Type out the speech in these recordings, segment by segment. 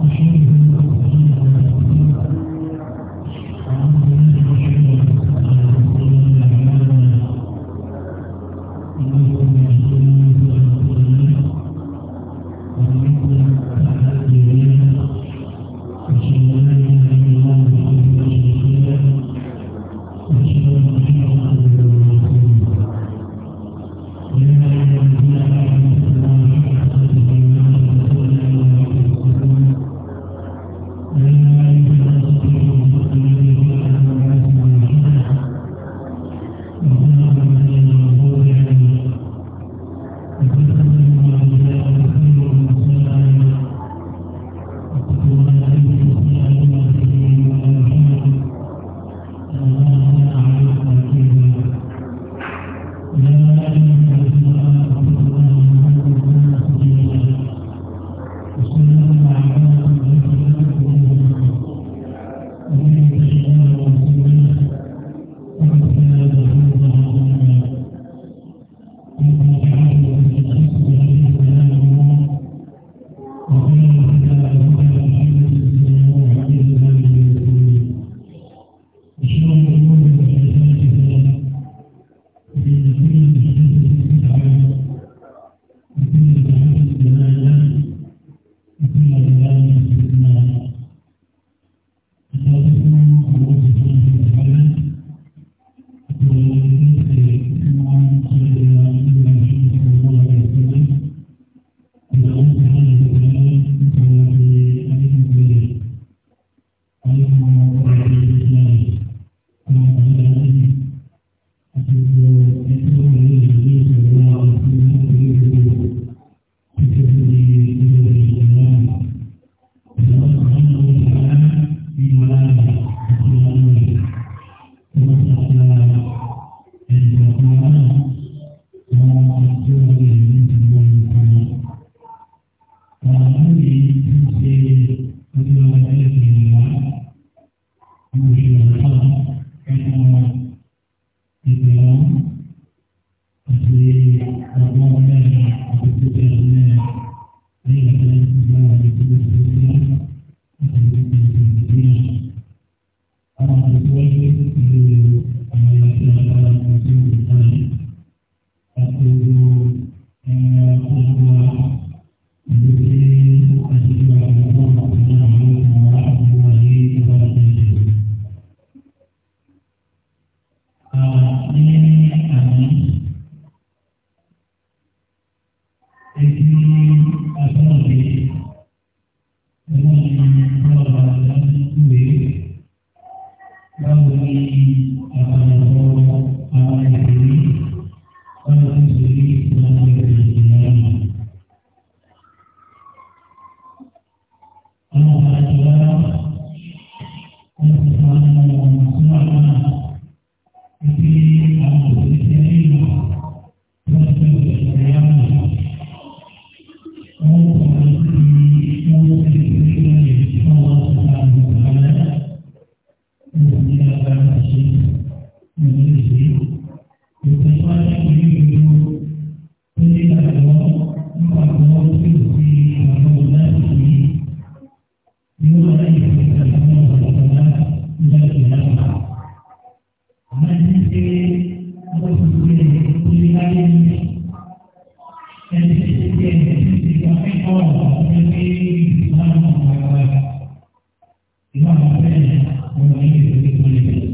أشهد أن Y vamos a ver, bueno, ahí es donde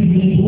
Thank you.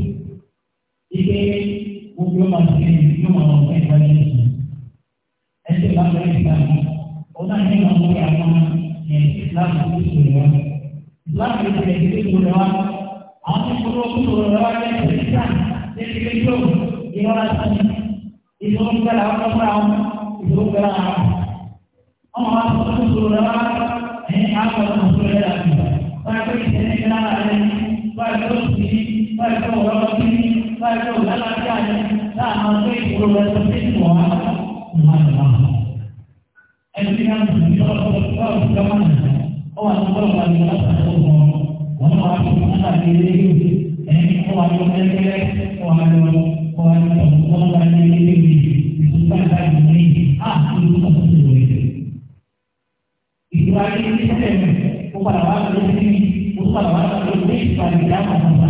ike gbogbo masiri yi ma ma ma ẹgba yi tu ẹsẹ ba ba yi ta mi ọba yi ma ma ya ma yẹ islam yi ti sori wa islam yi ti ẹsẹ ti sori wa àwọn ti sori ọkùn sori wa yẹ ẹsẹ ti ta ẹsẹ ti ti tó ìwọ la ti ìfowó ń gbẹ la wọn kọfọ àwọn ìfowó gbẹ la wọn wọn ma sọ ọkùn sori wa ẹni àwọn ọkùn sori wa yẹ la ti ta wọn àti ìṣẹlẹ ìṣẹlẹ àti ìṣẹlẹ wọn àti ọkùn sori wa yẹ kọ wọn lọ sí. láti ọ̀gá lálàáfíà ni láàmú pé ìṣòro rẹ̀ tó ti pọ̀ á máa ń ẹni tí wọ́n ti sọ ọ́ ọ́ ìjọba náà ó wà nípa ọ̀gá ni wọ́n ti sọ ọ́ wọn wá sí ọ̀gá ni ilé yìí ẹni tó wà ní ọ̀gẹ́gẹ́ wà ní wà ní ọ̀gá ni ilé yìí ìtúpa ìdájọ́ ní àkókò ọ̀sẹ̀ ilé sẹ́yìn ó padà wá lórí ó padà wá lórí ìpàdé àwọn ọ̀gá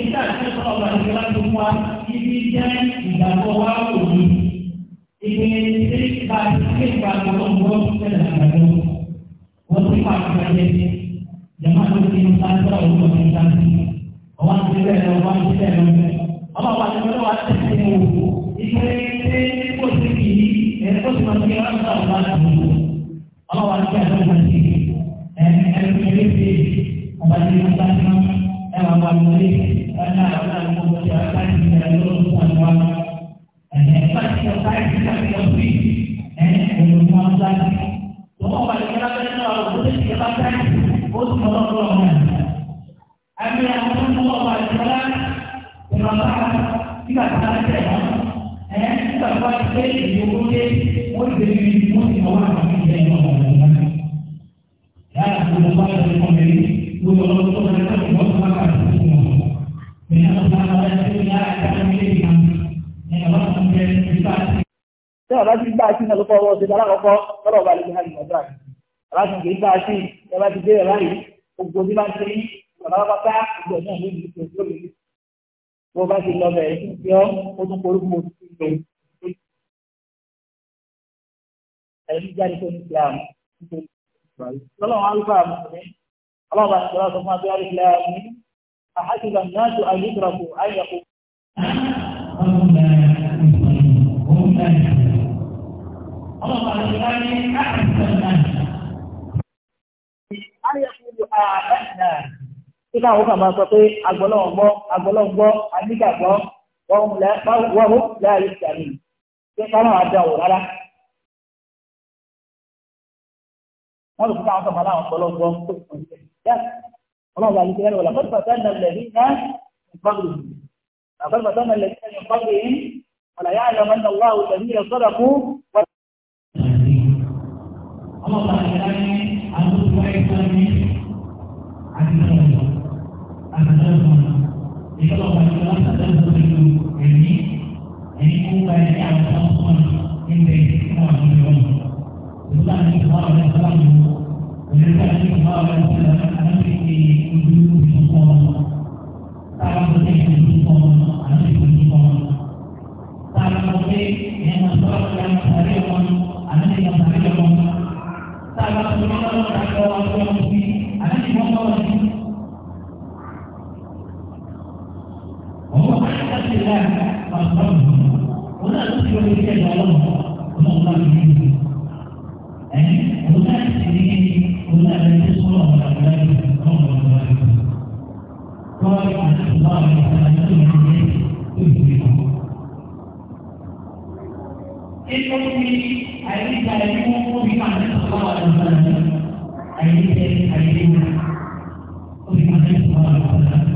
ẹ̀ka àti ẹ̀ka ọ̀gá ti wá tó wá ibi jẹ́ ìgbàgbọ́ wa kò ní. Ìgbẹ́ ṣe bá ti ṣe ìgbàgbọ́ tó ń bọ́ sílẹ̀ àgbàdo. Wọ́n ti pa àgbàjẹ́ jàmá tó ti ń ta sọ́ra òun lọ sí ìdájí. Ọwọ́ àti bẹ́ẹ̀ lọ, ọwọ́ àti bẹ́ẹ̀ lọ. Ọba wa ti lọ́wọ́ àti ẹ̀sìn wò. Ìgbẹ́ ṣe kó ti kì í ẹ̀kọ́ ti máa ń gbé ọ̀gá ọ̀gá àgbàdo. Ọba wa ti bẹ́ẹ̀ lọ́wọ́ àti ẹ̀ أنا أنا مبتعد من gbà sí náà ló fọwọ́ ṣe lálákọ̀ọ́kọ́ lọ́dọ̀ ọba àlejò hàn ìgbàdúrà rẹ̀ aláṣẹ kì í gbà sí ti bẹ̀rẹ̀ báyìí gbogbo bí máa ń ìgbà náà ló bó bá ti lọ bẹ̀rẹ̀ sí ó tún lò ẹ̀rí jáde tó káwọn kan máa sọ pé agbọ́lọ́wọ́ agbọ́lọ́wọ́ anígbàgbọ́ wọ́n láàyè ìsàmì pé káwọn àdá wò rárá. wọ́n lè fún káwọn kan máa láwọn gbọ́lọ́gbọ́ tó kàn sí ẹ̀ ọlọ́run àti ìṣẹ́yẹ́ lọ́la bọ́dù bàtà nà lẹ́rí náà nǹkan lù bàbá bàtà nà lẹ́rí náà ada semua. Itu orang yang ada satu itu ini, ini bukan yang ada semua ini semua ini orang. Bukan yang semua ada semua itu. Bukan yang semua ada semua nanti ini untuk semua. Tangan berdiri untuk semua nanti untuk semua. Tangan berdiri yang masuk yang hari orang nanti yang hari orang. Tangan berdiri yang tak kau orang mesti nanti semua orang. الله فاخترهم ولا تدخل في الله ولا الله يجيبه يعني ولا تسليم ولا تسلم ولا تسلم ولا تسلم قال عن الله تعالى يجيبه Ekonomi àyíká ẹni wọn kó bí máa ní sọ̀rọ̀ àwọn ọ̀dọ́ náà àyíká ẹni àyíká ẹni wọn kó bí máa ní sọ̀rọ̀ àwọn ọ̀dọ́ náà.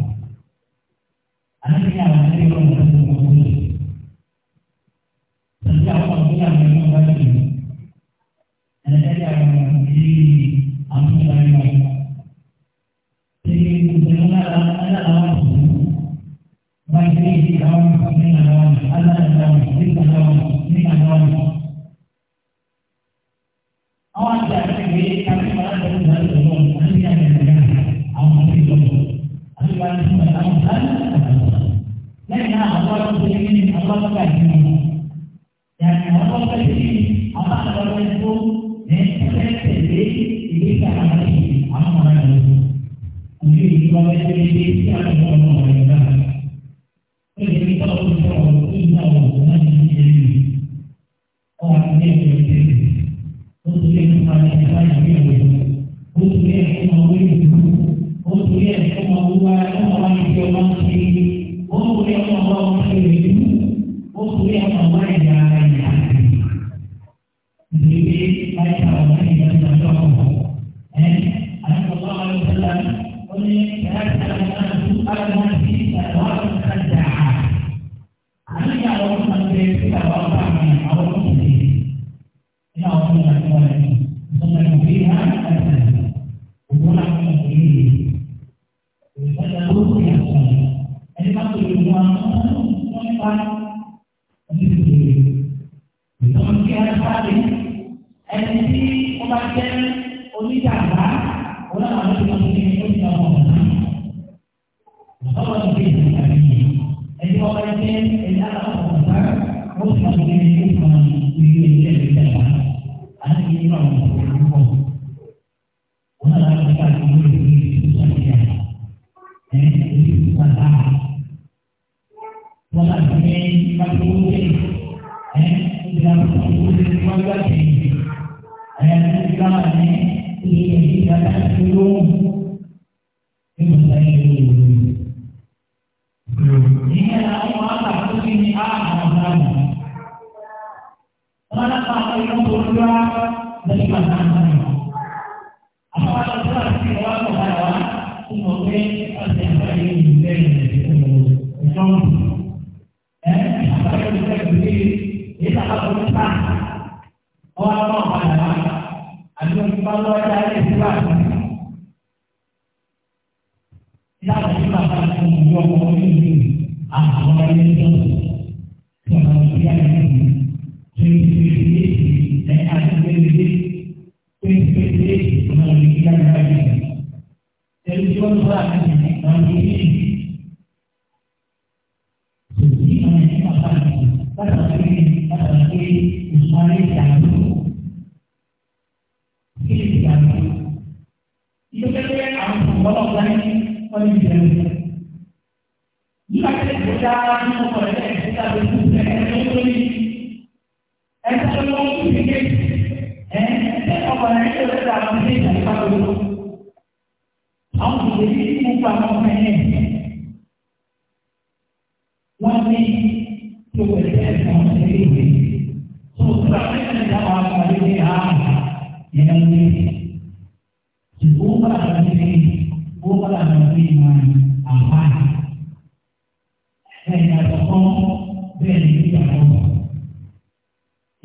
Gracias. ìdí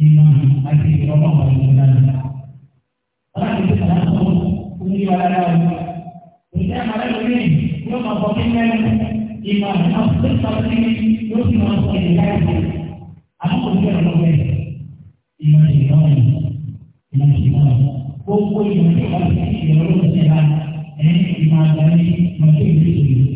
memang hati Allah menggunakan. Orang itu sangat pun diwarakan. Kita malam ini, kita mempunyai iman yang sesuatu ini, kita mempunyai iman yang sesuatu ini. Apa Iman yang lain. Iman yang lain. Pokok iman yang lain, yang lain, yang lain, yang lain, yang lain, yang lain, yang lain, yang lain, yang lain,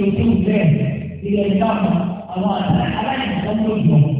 ìdòtí ìbẹ́ẹ̀ ilẹ̀ ìdáàbò àwọn aláìsàn lójú ọ̀hún.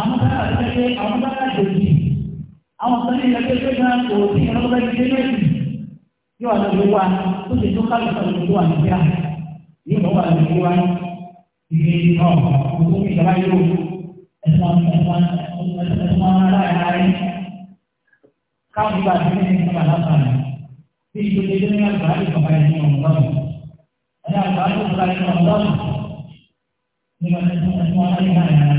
àwọn kan náà ti ṣe àwọn kan náà jò jì àwọn kan ní ilẹ̀ pé náà kò sí ìrànlọ́wọ́ ẹni dé lẹ́yìn yóò wà lórí wa tó ṣe tó kálù kan lórí wa nígbà yóò wà lórí wa ìgbé náà gbogbo ìjọba yóò ẹ̀sán ẹ̀sán ẹ̀sán aláìláà rẹ̀ káwọn ìgbà tí wọ́n ti ń bá lásán bí ìgbésẹ̀ tó ní àgbà yóò bàbá yẹn ní ọ̀gbọ́n ẹ̀dá àgbà yóò bàbá yẹn ní ọ̀gbọ́n nígbà tí wọ́n ti ń bá lásán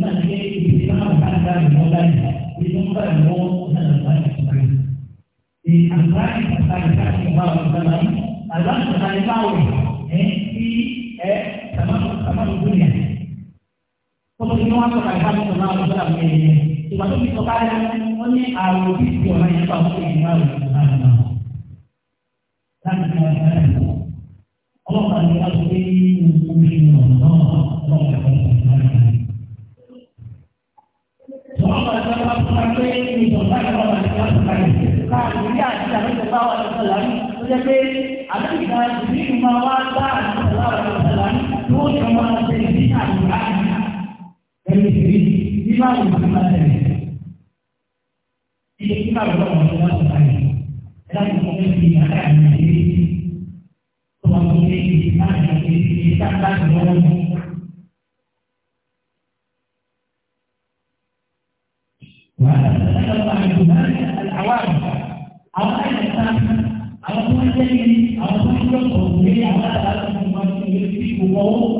náà ní ibi náà bá ń bá ìwọ láyé ibi ń bá ìwọ náà bá ìwọ láyé. Àgbà ìgbà ìgbà ìgbà ìgbà náà àgbà ìgbà ìgbà wò ẹ̀ sí ẹ̀ sàmánù dúnìá. Kọ́tọ́ ni wọ́n á sọ̀rọ̀ àgbà ìgbà náà wọ́n sọ̀rọ̀ àgbà ìgbà ìgbà tó fi sọ bá yá wọ́n ní àròbí ìgbà náà yẹn bá wọ́n sọ̀rọ̀ mọ́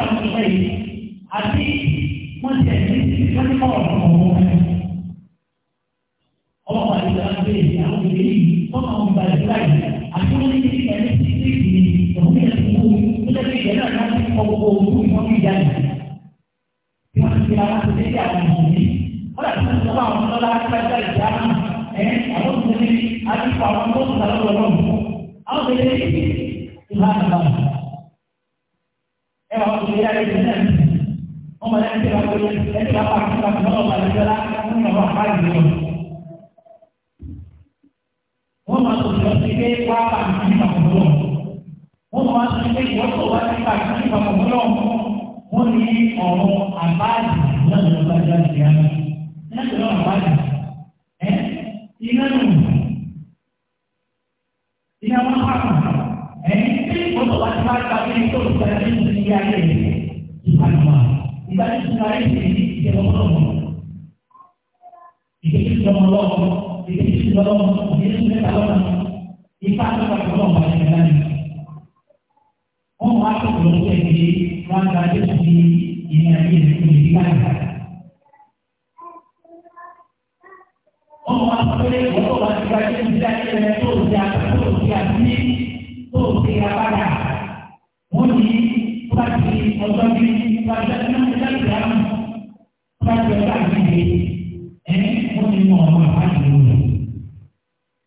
nípa àwọn ìṣẹ́ yìí àti wọ́n ti ẹ̀mí wọ́n ti kọ́ ọ̀rọ̀ ọ̀rọ̀ wọn. ọwọ́ wa ti sọ́ra pé àwọn ìwé yìí wọ́n máa ń gba ìdúrà yìí àti wọ́n ti ti ẹ̀mí ti ti ti ní òun yẹn ti kú ó jẹ́ pé ìjẹ́ náà láti kọ́ gbogbo òun ìwọ́n fi jáde. bí wọ́n ti fi ara ti dé sí àwọn ìwé wọ́n dàbí wọ́n ti sọ àwọn ọlọ́lá pẹ́ẹ́sẹ́ ìjà ya ni sana. Oma na kile ambacho ni kile hapa kwa sababu ya dola kama ni wafanyi hivyo. Oma tunasikia kwa hapa ni kwa mbono. Oma watu wengi wako wapi kwa kitu kwa mbono? Mbona ni omo ambazi na ndio kazi yangu. Na ndio ambazi. Eh? Ina nini? Ina mahakama. Eh? Mbona watu wapi kwa kitu kwa mbono? hanyuma ibara ry'umwarimu ni ikigega muromo igihe kiri mu rongo igihe kiri mu rongo igihe kiri mu rongo ipanga bakagomba kugenda neza nko mu mwaka wa mirongo itatu n'ebyiri rwanda ndetse n'iyi ni imyanya igenda ku gihe Omo akwere ko wansi ba kye nzira pagi obat ini pada enam belas jam pada pagi ini eh mau di mana pagi ini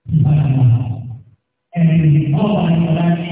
di mana eh di mana lagi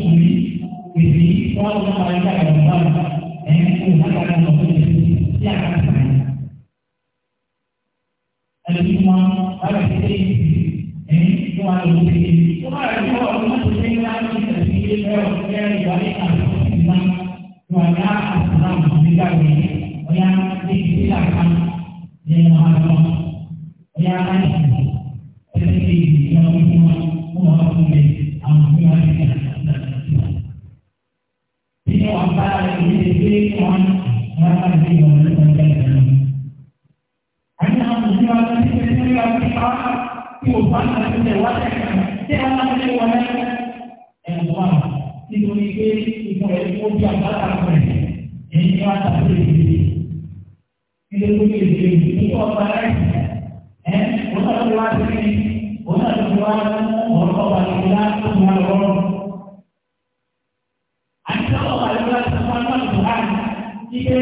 sendiri jadi kalau kita mereka akan membantu ini Tuhan akan membantu dia akan membantu ada semua ada sendiri ini semua ada sendiri semua ada semua semua sendiri lagi kita sendiri kalau kita yang balik harus memang semuanya harus memang apa? Tiupan ada kecewaannya. Dia ada kecewaannya. Eh, apa? Itu ini itu itu dia barang ini. Ini kata beri. Ini itu ini itu apa? Eh, orang luar ini, orang luar orang orang luar semua orang. Ada orang luar semua orang Tuhan. Jika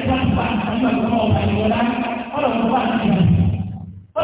esok pagi kita mau berjalan, orang luar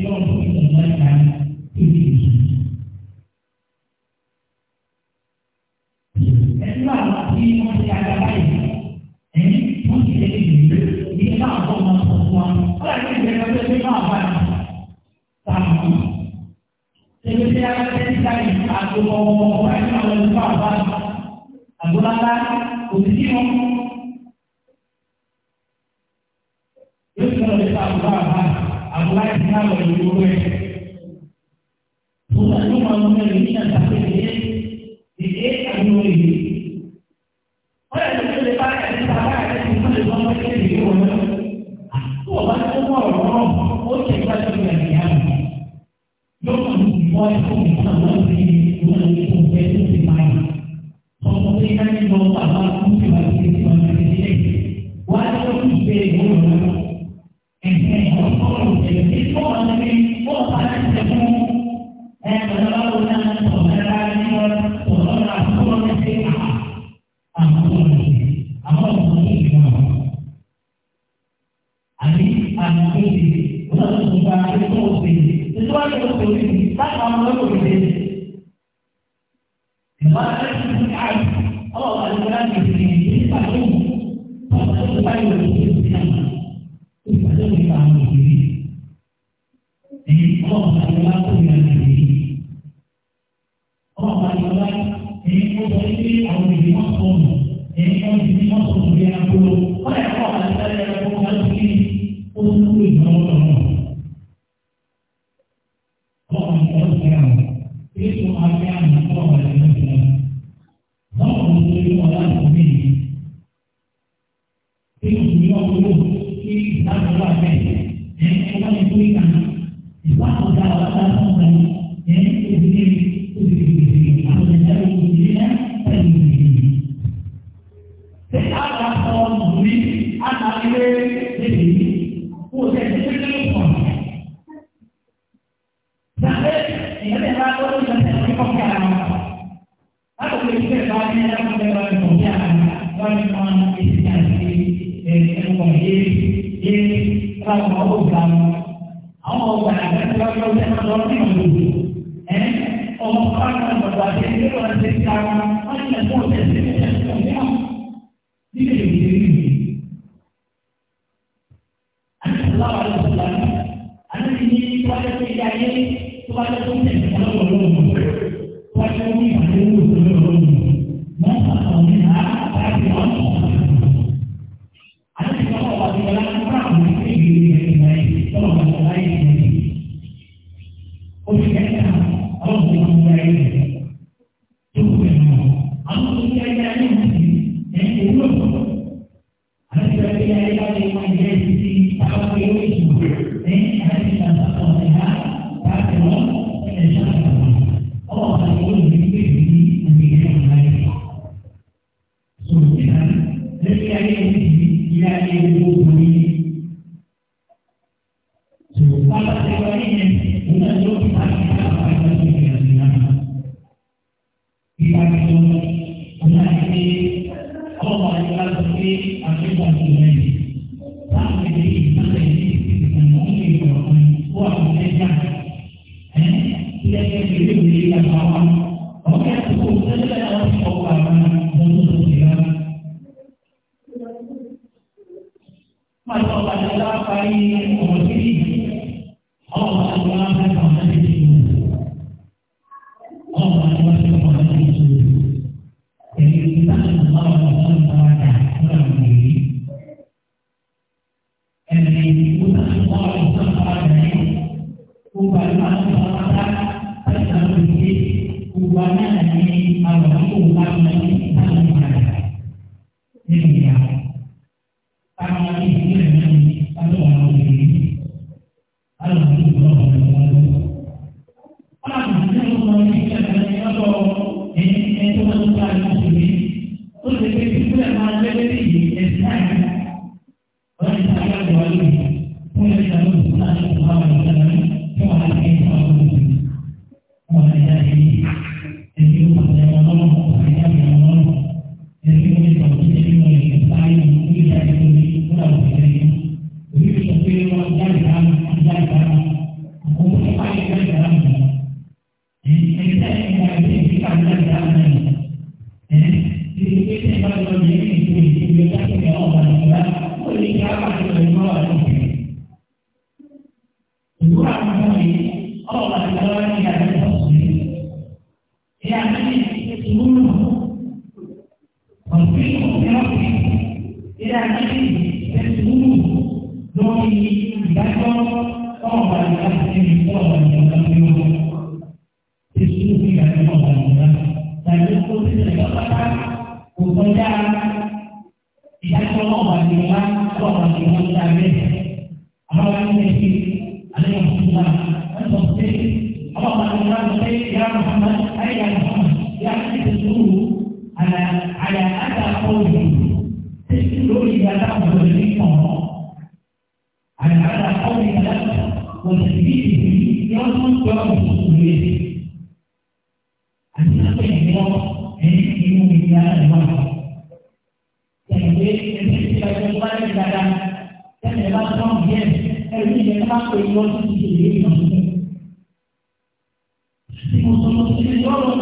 kita untuk menjalankan ini. Esmal di masih ada lain. Ini masih jadi ini. Ini tak apa masuk semua. Kalau ini dia nanti lima apa? Tahu. Sebenarnya ada tiga ini. Aku mau mengurangi nama lima apa? Anggulatan, kondisimu, Jadi kalau kita berbahan, aláìsí náà lọ lórí owó ẹ̀. Bùdá máa ń mọ ẹ̀rí ní àtàkùn ìdílé ìdílé yìí. Wọ́n yẹ kí lè bá ẹ̀rí ta bá ẹ̀rí tí wọ́n lè wọ́n lọ́wọ́ kéde yìí wọ̀ Tó o bá tó mọ̀ ọ̀rọ̀ náà, ó ṣe ìgbàjọ́ ìgbà ìyá mi. Yóò máa ń ẹ̀kọ́ mi fún àwọn ọ̀rẹ́ ìwọ̀n ní ìwọ̀n tó ti máa yà. Ọmọ náà ń lọ bàbá ìyẹn kò tó lò pé kí wọ́n máa ń gbé wọ́n máa ń tẹ̀kú. went on hesitantly and forgave, gave, traveled down. All of that, that's what you're saying, I'm not going to do. Ini ya, tangan ini yang ini, atau orang ini, orang ini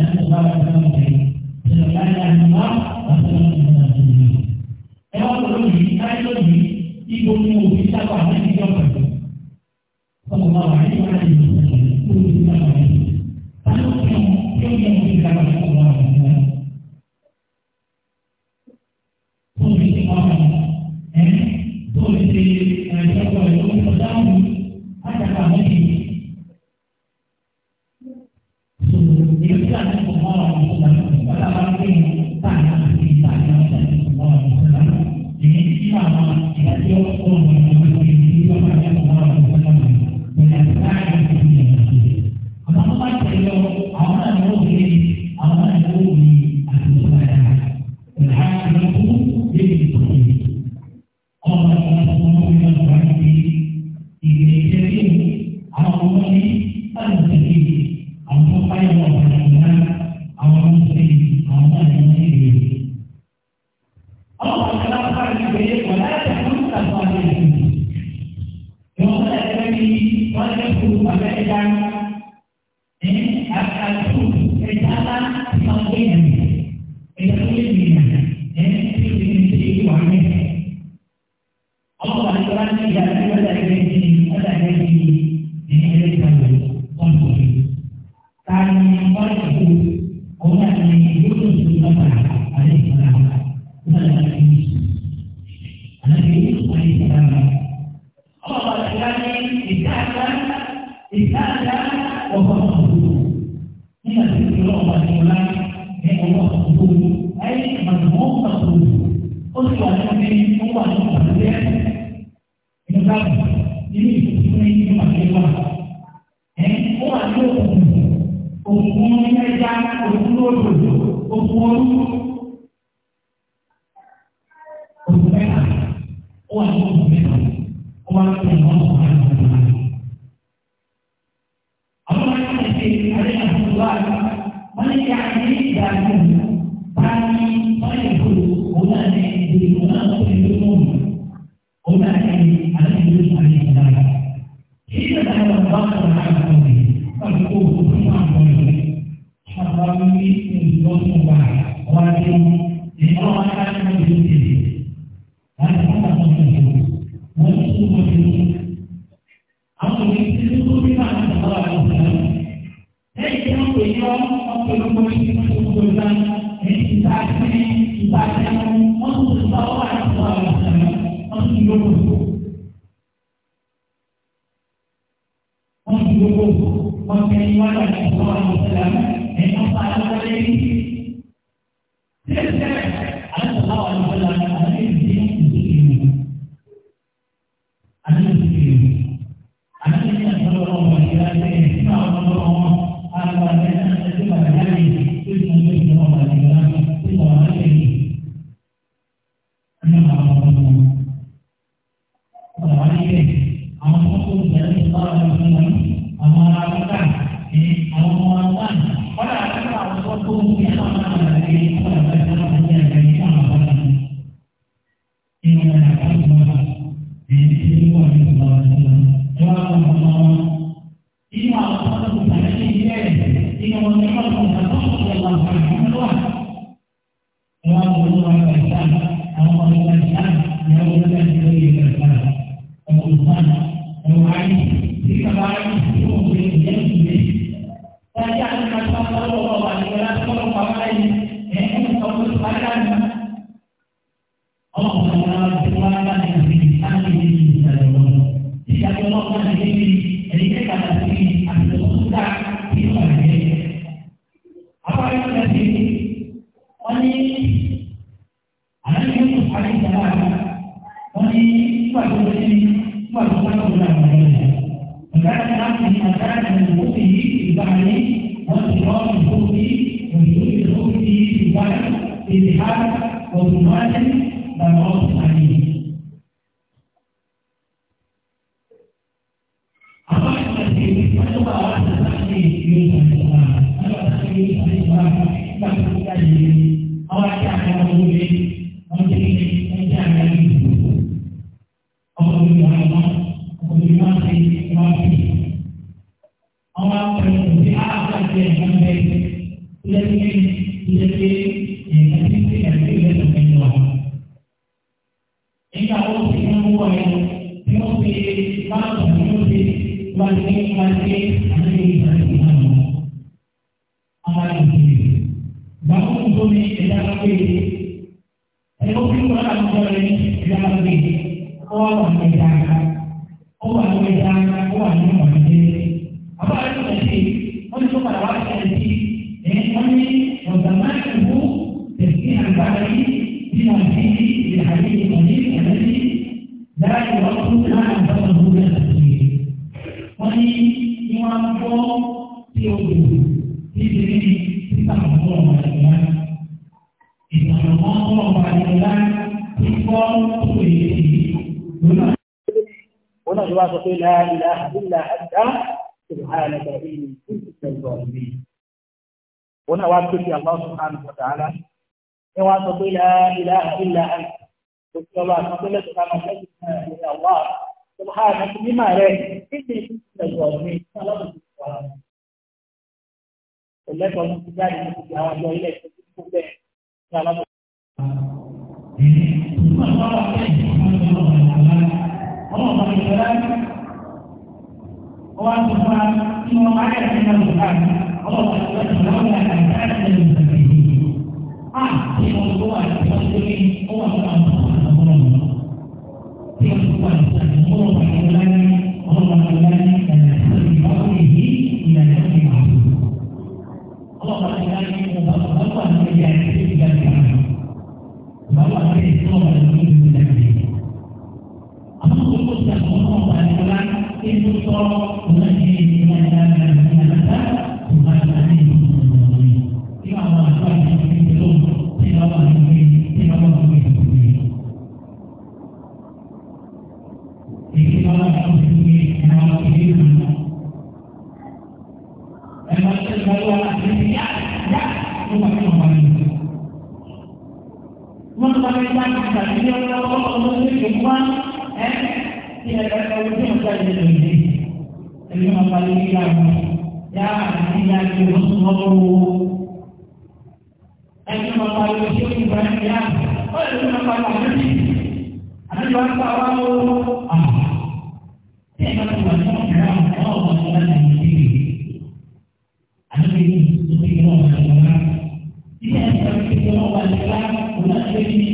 الله ẹ̀rọ bí wọ́n á lọ rẹ̀ láàbì ó wà wà ní ẹ̀dá ó wà ní ẹ̀dá ó wà ní ọ̀rẹ́dẹ́. àbúrò àti ọ̀sẹ̀ wọ́n ti tó padà wá sí ẹ̀dí ẹ̀ wọ́n ní ọ̀gá máa ń wú tẹ̀sí àgbára yìí bí wọ́n ti ìhàlẹ́ ìkànnì ìkànnì láàyè wọ́n tún láàrín هنا جواب لا إله إلا أنت سبحانك إني كنت من الظالمين هنا وابتك الله سبحانه وتعالى جواب لا إله إلا أنت جواب لا إلا الله سبحانك بما لك إني كنت من الظالمين ẹlẹ́tọ̀ ní ti jáde ní ti àwọn ọjọ́ ilé ìtọ́jú tó bẹ̀ ní alábọ̀. Allah SWT mengatakan bahawa Allah SWT mengatakan bahawa Allah SWT mengatakan bahawa ini untuk mengenai dengan dan dengan dan dan dan dan dan dan dan dan dan Mungkin pada kita kita dia orang orang mungkin cuman eh tidak ada kalau dia macam ini ini. Jadi apa lagi lagi? Ya, ini yang kita mahu. Jadi apa lagi yang kita berani ya? Oh, itu apa lagi? Ada orang tahu. Ah, siapa tu orang tahu? Oh, orang yang ini. Ada ini, tu tiga orang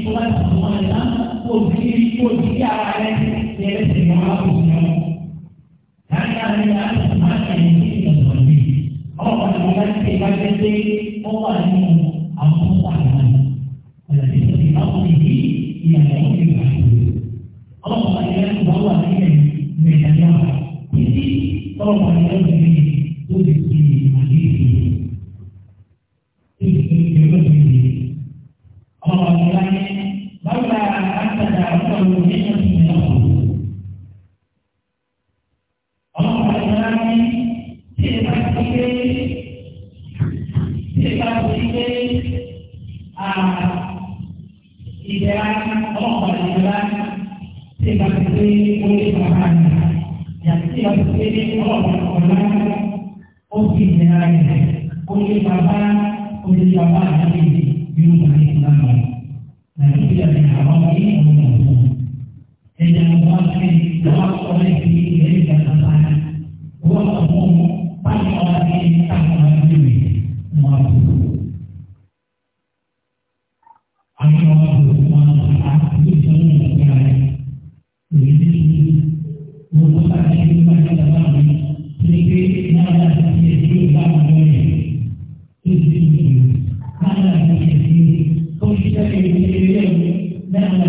kepada semua dalam posisi posisi awal ini dia semua bersama. Hanya hanya semua ini kita sendiri. Oh, bukan kita sendiri, bukan ini. Aku tak tahu. Jadi kita ini yang lebih baik. Oh, bukan yang bawa ini menjadi apa? Jadi, kalau bukan ini, tuh jadi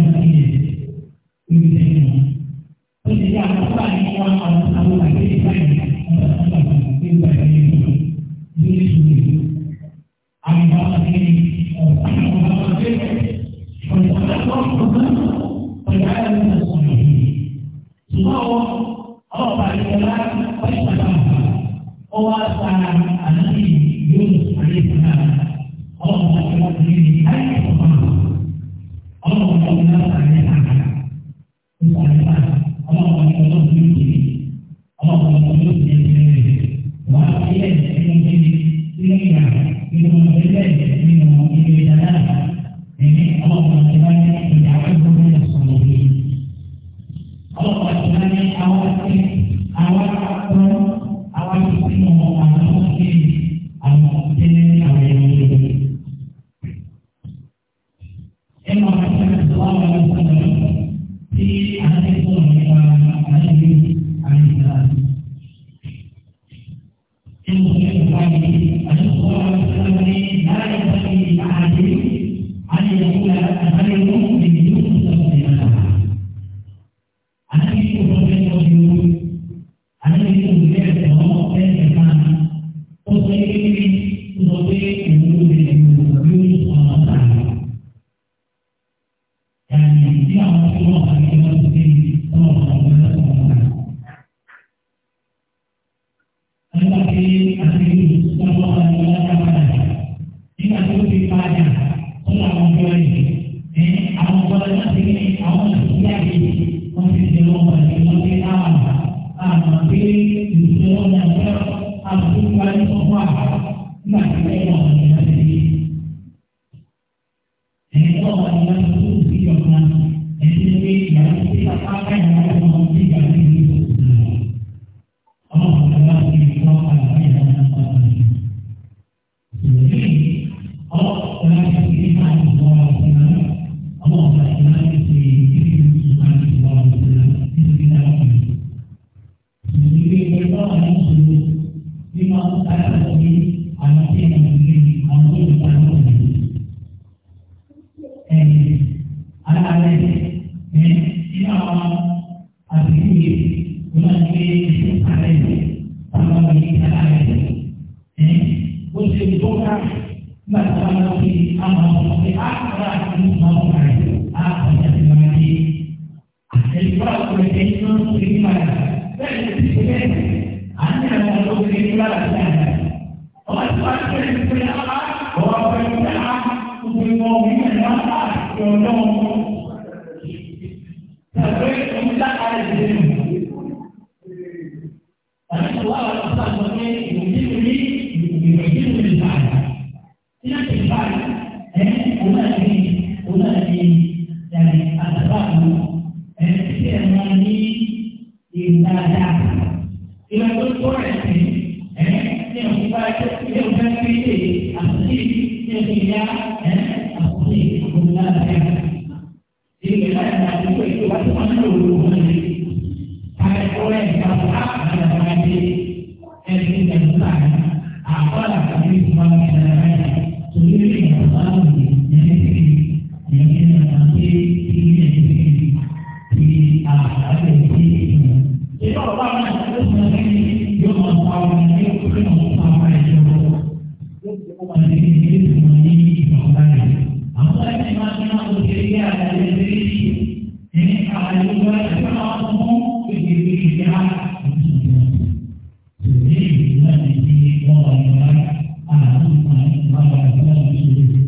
náà kíyè níbi tí ń mú. Thank you.